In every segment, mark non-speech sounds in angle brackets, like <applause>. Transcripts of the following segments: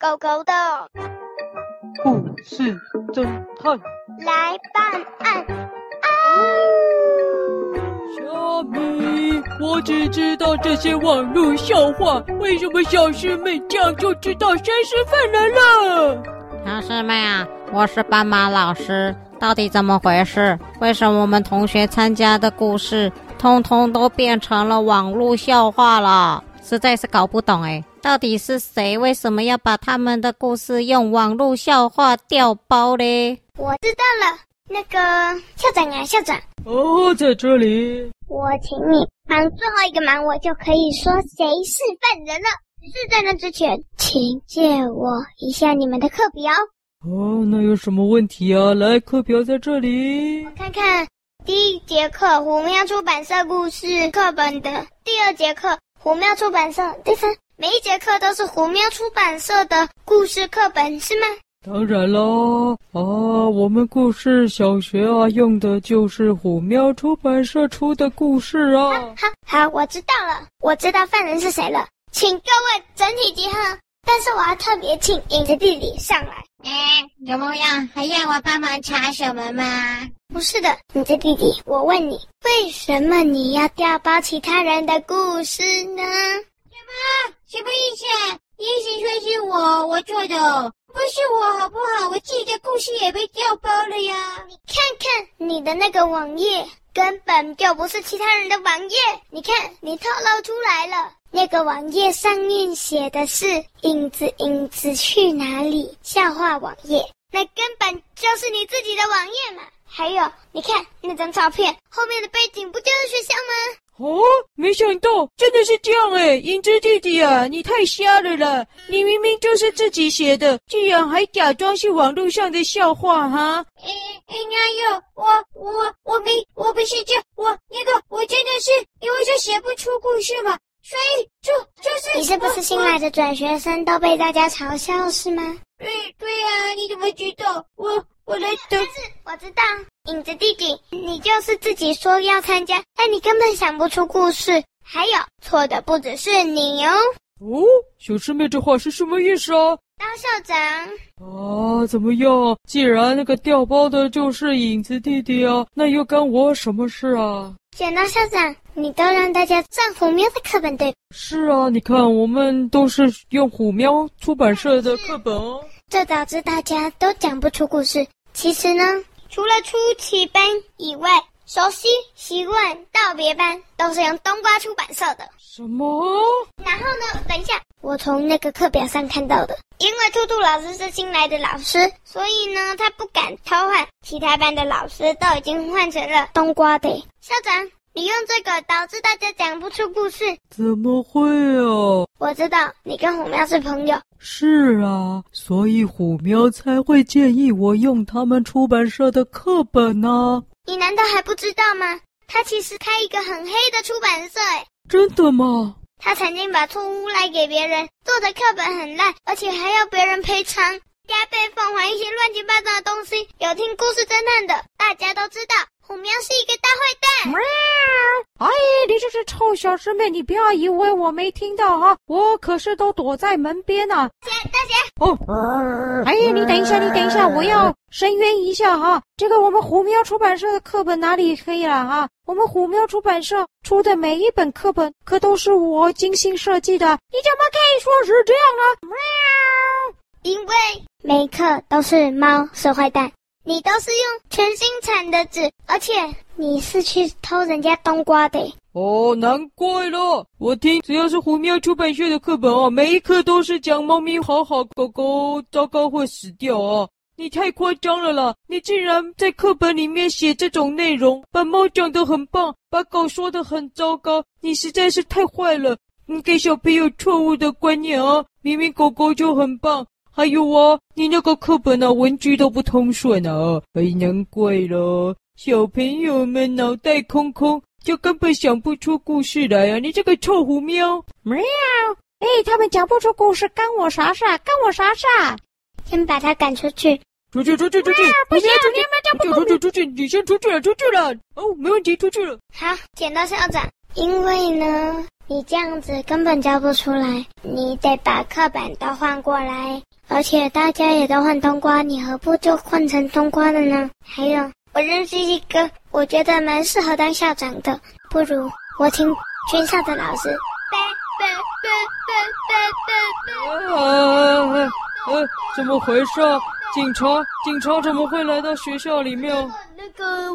狗狗的故事偵探來辦案啊、哦！小米，我只知道這些網絡笑話，為什麼小獅妹這樣就知道誰是犯人了？小獅妹啊，我是斑馬老師，到底怎麼回事？為什麼我們同學參加的故事，通通都變成了網絡笑話了？實在是搞不懂哎，到底是誰？為什麼要把他們的故事用網絡笑話調包嘞？我知道了，那個校長啊，校長哦，在這裡，我請你幫最後一個忙，我就可以說誰是犯人了。是在那之前，請借我一下你們的課表。哦，那有什麼問題啊？來，課表在這裡，我看看，第一節課，虎喵出版社故事課本的第二節課。虎喵出版社對分，每一節課都是虎喵出版社的故事課本，是嗎？當然嘍，啊，我們故事小學啊，用的就是虎喵出版社出的故事啊。好好，好，我知道了，我知道犯人是誰了，請各位整體集合。但是我要特別請影子弟弟上來。哎，怎麼樣？還要我幫忙查什麼嗎？不是的，你的弟弟，我問你，為什麼你要掉包其他人的故事呢？什麼？什麼意思？你一直說是我我做的，不是我好不好？我自己的故事也被掉包了呀！你看看你的那個網頁，根本就不是其他人的網頁。你看，你透露出來了，那個網頁上面寫的是“影子，影子去哪裡？”笑話網頁，那根本就是你自己的網頁嘛。還有，你看那張照片後面的背景，不就是學校嗎？哦，沒想到真的是這樣哎！影子弟弟啊，你太瞎了啦！你明明就是自己寫的，居然還假裝是網絡上的笑話哈！哎哎呀，哪有我我我，我沒我不是這我那個我真的是因為就寫不出故事嘛。所以就就是你是不是新來的轉學生，都被大家嘲笑是嗎？對對呀，啊，你怎麼知道？我我來得知，我知道。影子弟弟，你就是自己說要參加，但你根本想不出故事。還有錯的不只是你哦。哦，小師妹這話是什麼意思啊？刀校長。啊，怎麼樣？既然那個掉包的就是影子弟弟啊，那又關我什麼事啊？剪刀校長。你都讓大家上虎喵的課本，對？是啊，你看我們都是用虎喵出版社的課本哦。嗯，這導致大家都講不出故事。其實呢，除了初期班以外，熟悉、習慣、道別班都是用冬瓜出版社的。什麼？然後呢，等一下，我從那個課表上看到的。因為兔兔老師是新來的老師，所以呢，他不敢偷換，其他班的老師都已經換成了冬瓜的。校長。你用這個導致大家講不出故事？怎麼會哦、啊？我知道你跟虎喵是朋友。是啊，所以虎喵才會建議我用他們出版社的課本呢、啊。你難道還不知道嗎？他其實開一個很黑的出版社誒。真的嗎？他曾經把錯誤賴給別人，做的課本很爛，而且還要別人賠償，加倍奉還一些亂七八糟的東西。有聽故事偵探的，大家都知道。虎喵是一個大壞蛋。喵！哎，你這隻臭小獅妹，你不要以為我沒聽到啊！我可是都躲在門邊呢、啊。大姐，大姐。哦。哎呀，你等一下，你等一下，我要申冤一下哈、啊！這個我們虎喵出版社的課本哪裡黑了啊？我們虎喵出版社出的每一本課本可都是我精心設計的，你怎麼可以說是這樣呢、啊？喵！因為每一課都是貓是壞蛋。你都是用全新產的紙，而且你是去偷人家冬瓜的？哦，難怪了。我聽只要是虎喵出版社的課本啊，每一課都是講貓咪好好，狗狗糟，糟糕會死掉啊。你太誇張了啦！你竟然在課本裡面寫這種內容，把貓講得很棒，把狗說得很糟糕，你實在是太壞了。你給小朋友錯誤的觀念啊。明明狗狗就很棒。還有啊，你那個課本啊、文具都不通順啊，哎，難怪咯。小朋友們腦袋空空，就根本想不出故事來啊！你這個臭虎喵！喵！哎、欸，他們講不出故事，干我啥事？干我啥事？先把他趕出去！出去，出去，出去！不行，不行，不出去，要不要不，出去，你先出去了，出去了。哦，沒問題，出去了。好，剪刀、石要剪，因為呢。你這樣子根本教不出來，你得把課本都換過來，而且大家也都換冬瓜，你何不就換成冬瓜了呢？還有，我認識一個，我覺得蠻適合當校長的，不如我請軍校的老師。啊啊啊啊啊！怎麼回事啊？警察，警察怎麼會來到學校裡面？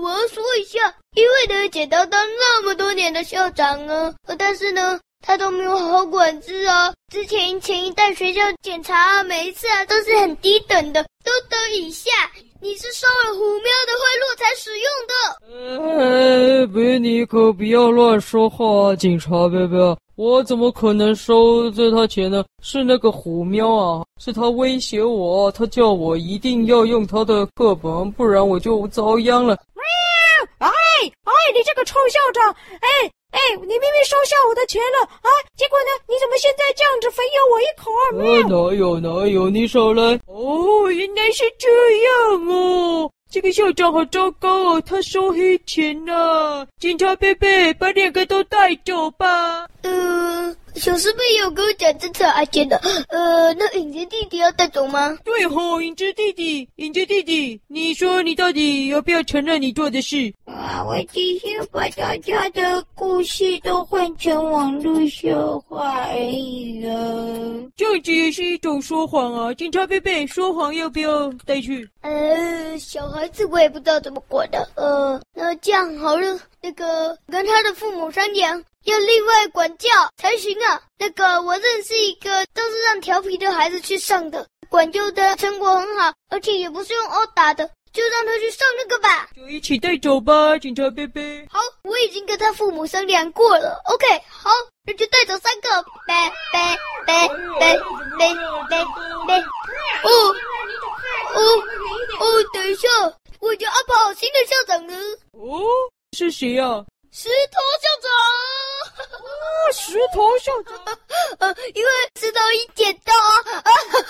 我要說一下，因為他剪刀當那麼多年的校長啊，但是呢，他都沒有好好管制啊、哦。之前前一代學校檢查、啊，每一次啊都是很低等的，都等一下。你是收了虎喵的賄賂才使用的？哎，杯、哎、你可不要亂說話，啊，警察杯杯，我怎麼可能收這他錢呢？是那個虎喵啊，是他威脅我，他叫我一定要用他的課本，不然我就遭殃了。哎哎，你這個臭校長！哎哎，你明明收下我的錢了啊，結果呢？你怎麼現在這樣子，反咬我一口二面、啊？哪有哪有，你少來！哦，原來是這樣哦，這個校長好糟糕哦，他收黑錢呢、啊。警察杯杯，把兩個都帶走吧。呃。小獅妹有跟我講這次案件的。呃，那影子弟弟要帶走嗎？對吼。哦，影子弟弟，影子弟弟，你說你到底要不要承認你做的事？啊，我只是把大家的故事都換成網絡笑話而已啊。這樣子也是一種說謊啊！警察杯杯，說謊要不要帶去？呃，小孩子我也不知道怎麼管的。呃，那這樣好了，那個跟他的父母商量，要另外管教才行啊！那個我認識一個，都是讓調皮的孩子去上的，管教的成果很好，而且也不是用毆打的，就讓他去上那個吧。就一起帶走吧，警察杯杯。好，我已經跟他父母商量過了。OK，好，那就帶走三個，拜，拜拜，拜拜拜拜。哦哦哦！等一下，我叫阿寶新的校長呢？哦，是誰呀？石頭校長。石頭校長、啊啊啊，因為石頭一剪刀。啊、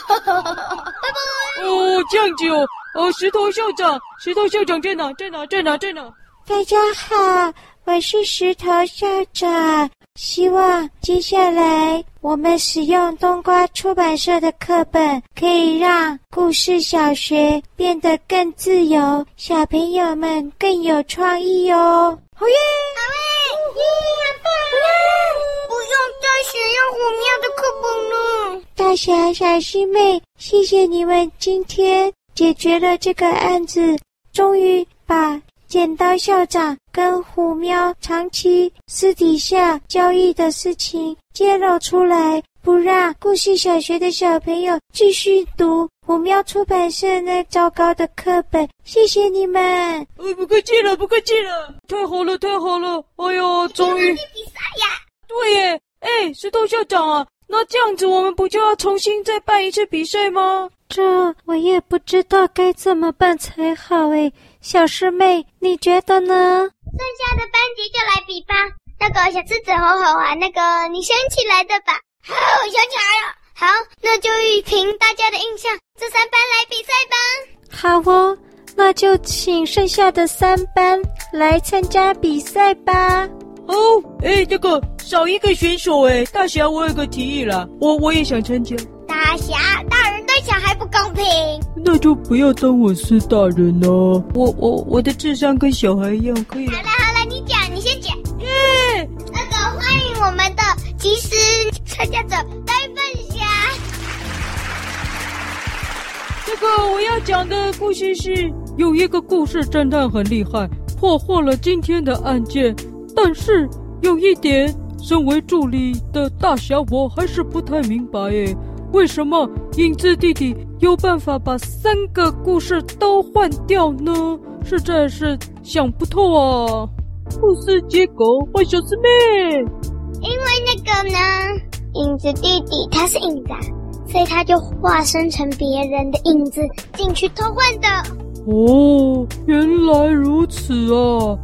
哈哈哈哈 Bye -bye. 哦，這樣子哦。哦，石頭校長，石頭校長在哪？在哪？在哪？在哪？大家好，我是石頭校長。希望接下來我們使用冬瓜出版社的課本，可以讓故事小學變得更自由，小朋友們更有創意哦。好耶！好耶！爸爸， <noise> <noise> <noise> 不用再學用虎喵的課本了。 <noise> 大俠、小獅妹，謝謝你們今天解決了這個案子，終於把剪刀校長跟虎喵長期私底下交易的事情揭露出來，不讓故事小學的小朋友繼續讀。我們要出版社那糟糕的課本，謝謝你們。哎！不客氣了，不客氣了！太好了，太好了！哎喲終於！比賽呀！對耶！哎，石頭校長啊，那這樣子我們不就要重新再辦一次比賽嗎？這我也不知道該怎麼辦才好哎！小獅妹，你覺得呢？剩下的班級就來比吧！那個小獅子吼吼。那個你升起來的吧？好，我想起來了！好，那就憑大家的印象，三班來比賽吧！好哦，那就請剩下的三班來參加比賽吧。哦，哎，這個少一個選手哎，大俠，我有個提議了，我我也想參加。大俠，大人對小孩不公平。那就不要當我是大人了，我我我的智商跟小孩一樣可以。好了好了，你講，你先講。耶。那個，歡迎我們的及時參加者這個我要講的故事是有一個故事偵探很厲害，破獲了今天的案件。但是有一點，身為助理的大俠我還是不太明白誒，為什麼影子弟弟有辦法把三個故事都換掉呢？實在是想不透啊。故事結果，問小獅妹，因為那個呢，影子弟弟他是影子。所以他就化身成別人的影子進去偷換的。哦，原來如此啊！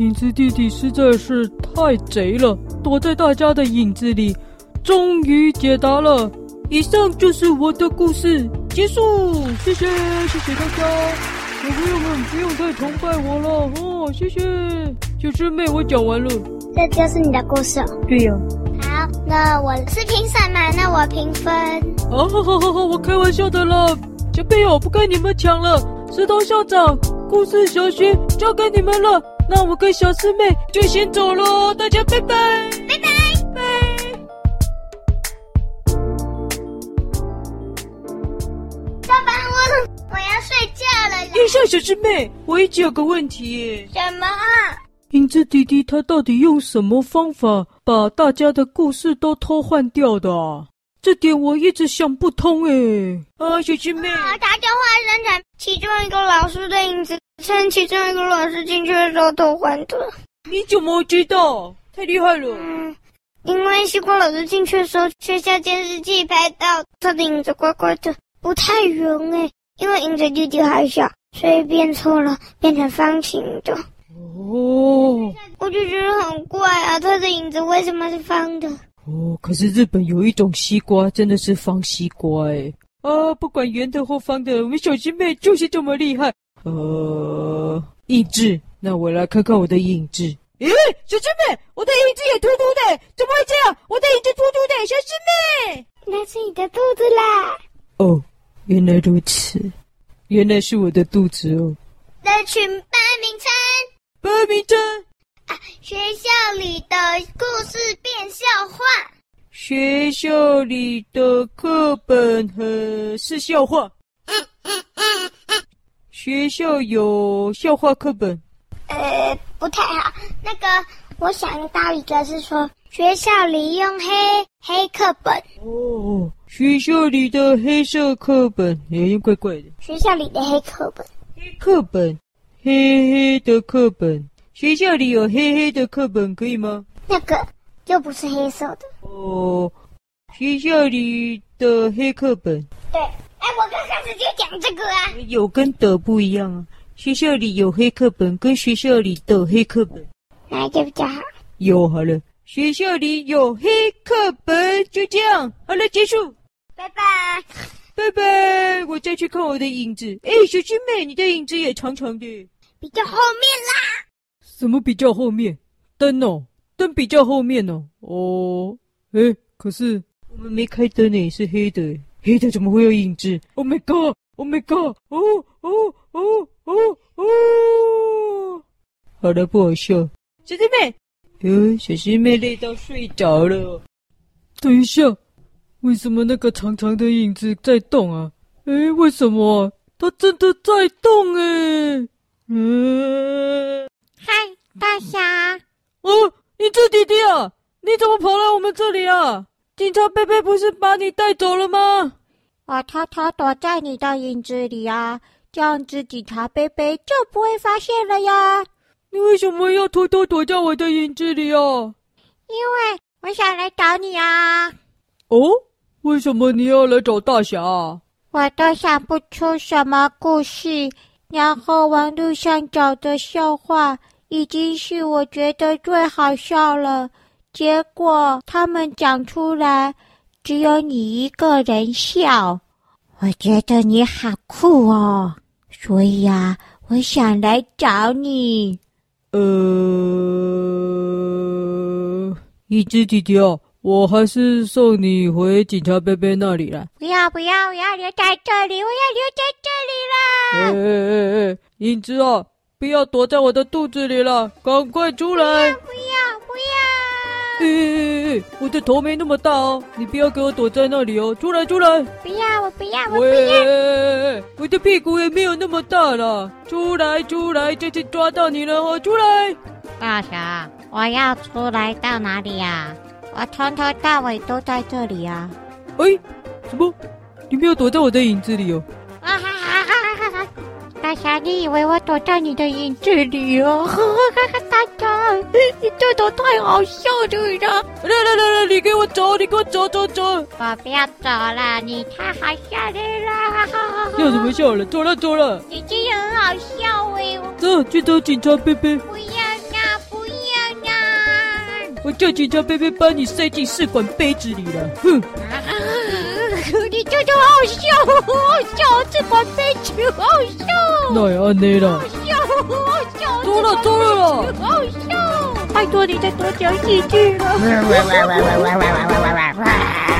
影子弟弟實在是太賊了，躲在大家的影子裡，終於解答了。以上就是我的故事，結束。謝謝，謝謝大家。小朋友們不用太崇拜我了哦，謝謝。小師妹，我講完了。這就是你的故事哦。對呀哦。那我是評審嗎？那我評分。哦好好好好，我開玩笑的啦。前輩，我不跟你們搶了，石頭校長故事小學交給你們了。那我跟小獅妹就先走了，大家拜拜。拜拜拜，拜。爸爸，我我要睡覺了。哎小獅妹，我一直有個問題。什麼？影子弟弟他到底用什麼方法把大家的故事都偷換掉的啊？這點我一直想不通哎、欸。啊，小獅妹，啊，他就化身成其中一個老師的影子，趁其中一個老師進去的時候偷換的。你怎麼知道？太厲害了。嗯，因為西瓜老師進去的時候，學校監視器拍到他的影子怪怪的，不太圓哎。因為影子弟弟還小，所以變錯了，變成方形的。哦，我就覺得很怪啊，他的影子為什麼是方的？哦，可是日本有一種西瓜，真的是方西瓜哎、欸！啊，不管圓的或方的，我們小獅妹就是這麼厲害。呃，影子，那我來看看我的影子。咦、欸，小獅妹，我的影子也凸凸的，怎麼會這樣？我的影子凸凸的，小獅妹，那是你的肚子啦。哦，原來如此，原來是我的肚子哦。人群八米真，啊，學校裡的故事變笑話。學校裡的課本很、呃、是笑話、嗯嗯嗯嗯。學校有笑話課本。呃，不太好。那個，我想到一個，是說學校裡用黑黑課本。哦，學校裡的黑色課本，原、欸、怪怪的。學校裡的黑課本。黑課本。黑黑的課本，學校裡有黑黑的課本，可以嗎？那個又不是黑色的。哦，學校裡的黑課本，對，哎、欸，我剛開始就講這個啊。有跟的不一樣啊。學校裡有黑課本，跟學校裡的黑課本，那個比較好。有好了，學校裡有黑課本，就這樣，好了，結束。拜拜，拜拜。我再去看我的影子。哎、欸，小獅妹，你的影子也長長的。比較後面啦，什麼比較後面？燈哦、喔，燈比較後面哦、喔。哦，哎、欸，可是我們沒開燈呢、欸，是黑的、欸，黑的怎麼會有影子？Oh my god! Oh my god! 哦哦哦哦哦！好了，不好笑。小師妹，呃，小師妹累到睡着了。等一下，為什麼那個長長的影子在動啊？哎、欸，為什麼、啊、它真的在動、欸？哎！嗯，嗨，大俠！哦，你自己的啊？你怎麼跑來我們這裡啊？警察杯杯不是把你帶走了嗎？我偷偷躲在你的影子裡啊，這樣子警察杯杯就不會發現了呀。你為什麼要偷偷躲在我的影子裡啊？因為我想來找你啊。哦，為什麼你要來找大俠？我都想不出什麼故事。然後網路上找的笑話已經是我覺得最好笑了，結果他們講出來，只有你一個人笑。我覺得你好酷哦，所以啊，我想來找你。呃，一只弟弟哦。我還是送你回警察杯杯那裡了。不要不要，我要留在這裡，我要留在這裡了。哎哎哎哎，影、欸、子、欸欸、啊，不要躲在我的肚子裡了，趕快出來！不要不要！哎哎哎哎，我的頭沒那麼大哦，你不要給我躲在那裡哦，出來出來！不要我不要我不要、欸欸欸！我的屁股也沒有那麼大了，出來出來，這次抓到你了，哦。出來！大俠，我要出來到哪裡呀、啊？我從頭到尾都在這裡呀、啊！哎、欸，什麼？你沒有躲在我的影子裡哦、喔！啊哈哈哈哈哈！大俠，你以為我躲在你的影子裡啊、喔？哈哈哈哈哈！你這都太好笑了！來來來來，你給我走！你給我走走走！我不要走了，你太好笑了！哈笑什麼笑了？走了走了！姐姐也很好笑，喂！走，去找警察杯杯。杯杯不要我叫警察杯杯把你塞進試管杯子裡了，哼！啊啊啊、你舅舅好笑，好笑這款杯子好笑！來，安奈拉，笑，笑，多了多了，好笑！好笑了了了了拜託，你再多講幾句了。 <laughs> <laughs>